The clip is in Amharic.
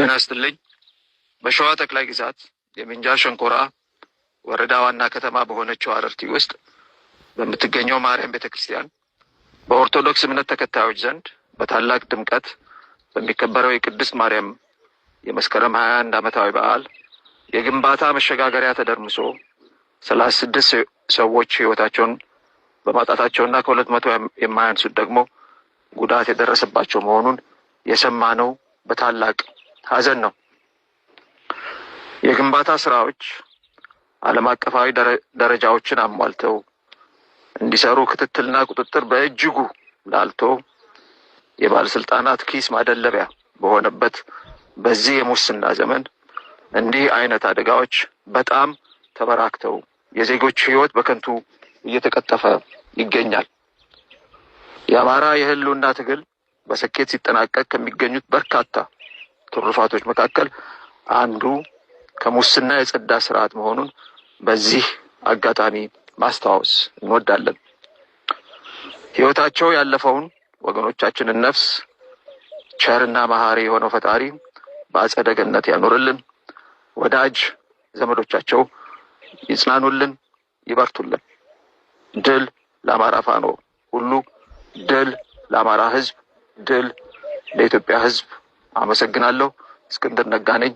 ጤና ይስጥልኝ። በሸዋ ጠቅላይ ግዛት የምንጃ ሸንኮራ ወረዳ ዋና ከተማ በሆነችው አረርቲ ውስጥ በምትገኘው ማርያም ቤተ ክርስቲያን በኦርቶዶክስ እምነት ተከታዮች ዘንድ በታላቅ ድምቀት በሚከበረው የቅድስት ማርያም የመስከረም ሀያ አንድ ዓመታዊ በዓል የግንባታ መሸጋገሪያ ተደርምሶ ሰላሳ ስድስት ሰዎች ህይወታቸውን በማጣታቸውና ከሁለት መቶ የማያንሱት ደግሞ ጉዳት የደረሰባቸው መሆኑን የሰማ ነው በታላቅ ሀዘን ነው። የግንባታ ስራዎች ዓለም አቀፋዊ ደረጃዎችን አሟልተው እንዲሰሩ ክትትልና ቁጥጥር በእጅጉ ላልቶ የባለስልጣናት ኪስ ማደለቢያ በሆነበት በዚህ የሙስና ዘመን እንዲህ አይነት አደጋዎች በጣም ተበራክተው የዜጎች ህይወት በከንቱ እየተቀጠፈ ይገኛል። የአማራ የህልውና ትግል በስኬት ሲጠናቀቅ ከሚገኙት በርካታ ትሩፋቶች መካከል አንዱ ከሙስና የጸዳ ስርዓት መሆኑን በዚህ አጋጣሚ ማስታወስ እንወዳለን። ሕይወታቸው ያለፈውን ወገኖቻችንን ነፍስ ቸርና መሐሪ የሆነው ፈጣሪ በአጸደ ገነት ያኖርልን። ወዳጅ ዘመዶቻቸው ይጽናኑልን፣ ይበርቱልን። ድል ለአማራ ፋኖ ሁሉ፣ ድል ለአማራ ህዝብ ድል ለኢትዮጵያ ህዝብ አመሰግናለሁ። እስክንድር ነጋ ነኝ